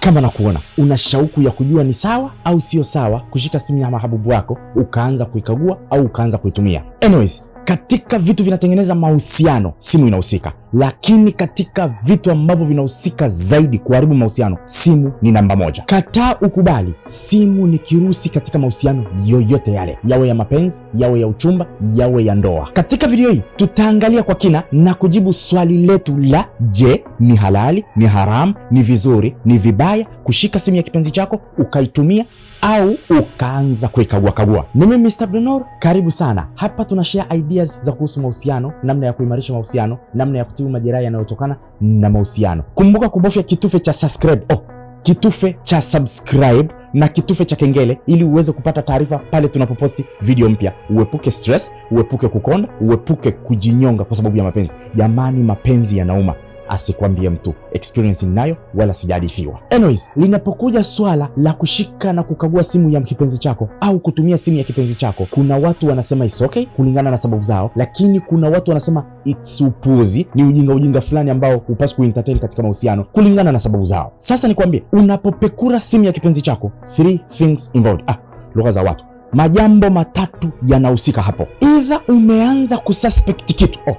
kama nakuona una shauku ya kujua ni sawa au sio sawa kushika simu ya mahabubu wako ukaanza kuikagua au ukaanza kuitumia. Anyways, katika vitu vinatengeneza mahusiano simu inahusika lakini katika vitu ambavyo vinahusika zaidi kuharibu mahusiano, simu ni namba moja. Kataa ukubali, simu ni kirusi katika mahusiano yoyote yale, yawe ya mapenzi, yawe ya uchumba, yawe ya ndoa. Katika video hii tutaangalia kwa kina na kujibu swali letu la je, ni halali, ni haramu, ni vizuri, ni vibaya kushika simu ya kipenzi chako ukaitumia au ukaanza kuikagua kagua. Ni mimi Mr. Abdunnoor, karibu sana. Hapa tuna share ideas za kuhusu mahusiano, namna ya kuimarisha mahusiano, namna ya tu majeraha yanayotokana na mahusiano. Kumbuka kubofya kitufe cha subscribe. Oh, kitufe cha subscribe na kitufe cha kengele ili uweze kupata taarifa pale tunapoposti video mpya. Uepuke stress, uepuke kukonda, uepuke kujinyonga kwa sababu ya mapenzi. Jamani, mapenzi yanauma asikwambie mtu, experience ninayo wala sijahadithiwa. Anyways, linapokuja swala la kushika na kukagua simu ya kipenzi chako au kutumia simu ya kipenzi chako, kuna watu wanasema it's okay kulingana na sababu zao, lakini kuna watu wanasema it's upuzi, ni ujinga ujinga fulani ambao hupaswi kuentertain katika mahusiano kulingana na sababu zao. Sasa nikwambie, unapopekura simu ya kipenzi chako, three things involved. Ah, lugha za watu majambo matatu yanahusika hapo. Either umeanza kususpect kitu oh,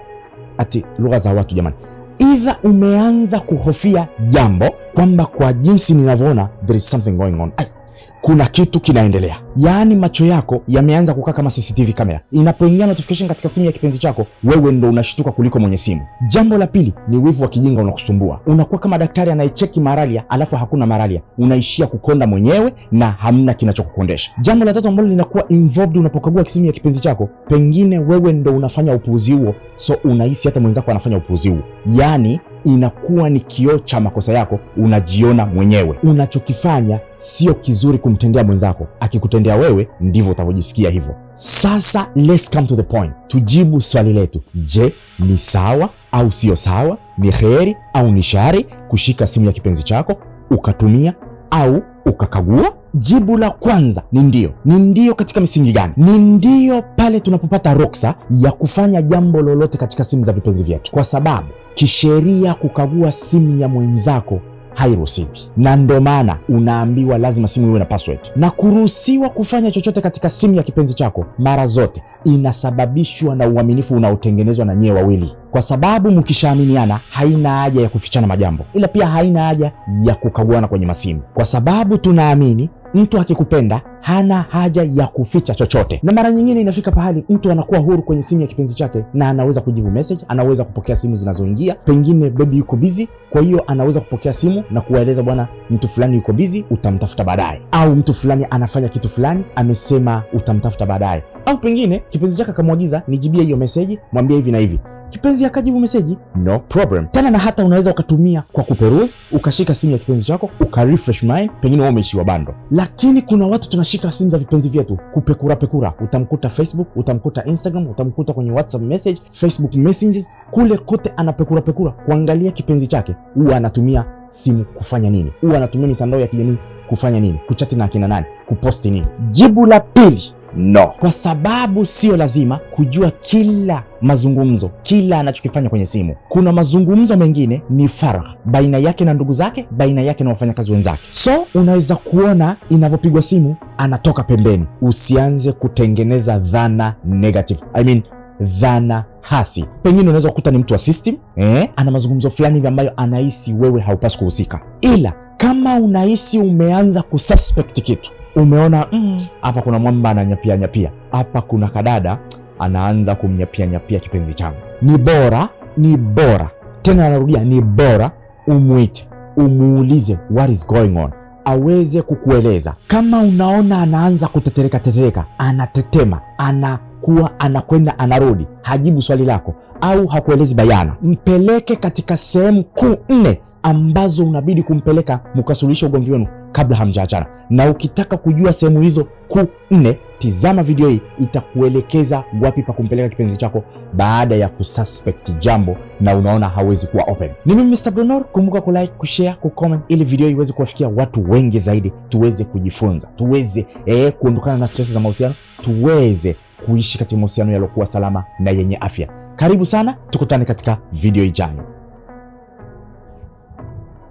ati lugha za watu jamani, Either umeanza kuhofia jambo kwamba kwa jinsi ninavyoona there is something going on. Ay kuna kitu kinaendelea, yaani macho yako yameanza kukaa kama CCTV kamera. Inapoingia notification katika simu ya kipenzi chako, wewe ndo unashtuka kuliko mwenye simu. Jambo la pili ni wivu wa kijinga unakusumbua. Unakuwa kama daktari anayecheki malaria alafu hakuna malaria, unaishia kukonda mwenyewe na hamna kinachokukondesha. Jambo la tatu ambalo linakuwa involved unapokagua simu ya kipenzi chako, pengine wewe ndo unafanya upuuzi huo, so unahisi hata mwenzako anafanya upuuzi huo, yaani inakuwa ni kioo cha makosa yako, unajiona mwenyewe. Unachokifanya sio kizuri kumtendea mwenzako, akikutendea wewe ndivyo utavyojisikia hivyo. Sasa let's come to the point, tujibu swali letu. Je, ni sawa au sio sawa? Ni heri au ni shari kushika simu ya kipenzi chako ukatumia au ukakagua? Jibu la kwanza ni ndio. Ni ndio katika misingi gani? Ni ndio pale tunapopata ruksa ya kufanya jambo lolote katika simu za vipenzi vyetu, kwa sababu kisheria kukagua simu ya mwenzako hairuhusiwi, na ndo maana unaambiwa lazima simu iwe na password. Na kuruhusiwa kufanya chochote katika simu ya kipenzi chako mara zote inasababishwa na uaminifu unaotengenezwa na nyewe wawili, kwa sababu mkishaaminiana haina haja ya kufichana majambo, ila pia haina haja ya kukaguana kwenye masimu, kwa sababu tunaamini Mtu akikupenda hana haja ya kuficha chochote, na mara nyingine inafika pahali mtu anakuwa huru kwenye simu ya kipenzi chake, na anaweza kujibu message, anaweza kupokea simu zinazoingia, pengine bebi yuko busy. Kwa hiyo anaweza kupokea simu na kuwaeleza bwana, mtu fulani yuko busy, utamtafuta baadaye, au mtu fulani anafanya kitu fulani, amesema utamtafuta baadaye, au pengine kipenzi chake akamwagiza, nijibie hiyo message, mwambie hivi na hivi Kipenzi akajibu meseji no problem tena, na hata unaweza ukatumia kwa kuperuzi, ukashika simu ya kipenzi chako uka refresh mine, pengine wewe umeishiwa bando. Lakini kuna watu tunashika simu za vipenzi vyetu kupekura pekura, utamkuta Facebook, utamkuta Instagram, utamkuta kwenye WhatsApp message, Facebook messages, kule kote anapekura pekura kuangalia kipenzi chake. Huwa anatumia simu kufanya nini? Huwa anatumia mitandao ya kijamii kufanya nini? Kuchati na akina nani? Kuposti nini? Jibu la pili No, kwa sababu sio lazima kujua kila mazungumzo, kila anachokifanya kwenye simu. Kuna mazungumzo mengine ni faragha, baina yake na ndugu zake, baina yake na wafanyakazi wenzake. So unaweza kuona inavyopigwa simu, anatoka pembeni. Usianze kutengeneza dhana negative, I mean dhana hasi. Pengine unaweza kukuta ni mtu wa system eh, ana mazungumzo fulani hivi ambayo anahisi wewe haupaswi kuhusika, ila kama unahisi umeanza kususpect kitu, umeona mm, hapa kuna mwamba ananyapia nyapia, hapa kuna kadada anaanza kumnyapia nyapia kipenzi changu. Ni bora ni bora tena, anarudia ni bora umwite, umuulize what is going on, aweze kukueleza. Kama unaona anaanza kutetereka tetereka, anatetema, anakuwa anakwenda, anarudi, hajibu swali lako au hakuelezi bayana, mpeleke katika sehemu kuu nne ambazo unabidi kumpeleka mkasuluhisha ugomvi wenu kabla hamjaachana. Na ukitaka kujua sehemu hizo kuu nne, tizama video hii, itakuelekeza wapi pa kumpeleka kipenzi chako baada ya kususpect jambo na unaona hawezi kuwa open. Ni mimi Mr. Donor, kumbuka kulike, kushare, kucomment ili video hii iweze kuwafikia watu wengi zaidi, tuweze kujifunza, tuweze eh, kuondokana na stress za mahusiano, tuweze kuishi katika mahusiano yaliokuwa salama na yenye afya. Karibu sana, tukutane katika video ijayo.